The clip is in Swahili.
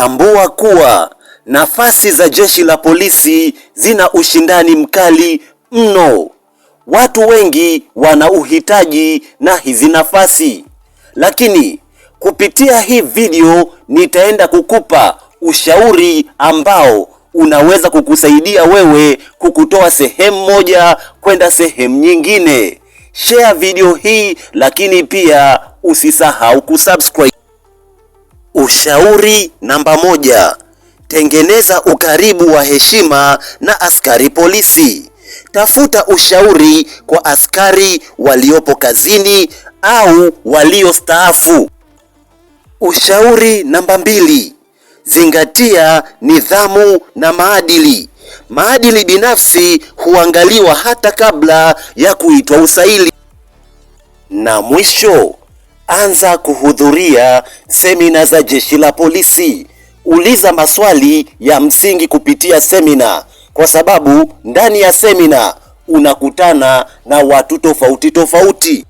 Tambua kuwa nafasi za jeshi la polisi zina ushindani mkali mno. Watu wengi wana uhitaji na hizi nafasi, lakini kupitia hii video nitaenda kukupa ushauri ambao unaweza kukusaidia wewe kukutoa sehemu moja kwenda sehemu nyingine. Share video hii, lakini pia usisahau kusubscribe. Shauri namba moja: tengeneza ukaribu wa heshima na askari polisi. Tafuta ushauri kwa askari waliopo kazini au waliostaafu. Ushauri namba mbili: zingatia nidhamu na maadili. Maadili binafsi huangaliwa hata kabla ya kuitwa usaili. Na mwisho anza kuhudhuria semina za Jeshi la Polisi. Uliza maswali ya msingi kupitia semina, kwa sababu ndani ya semina unakutana na watu tofauti tofauti.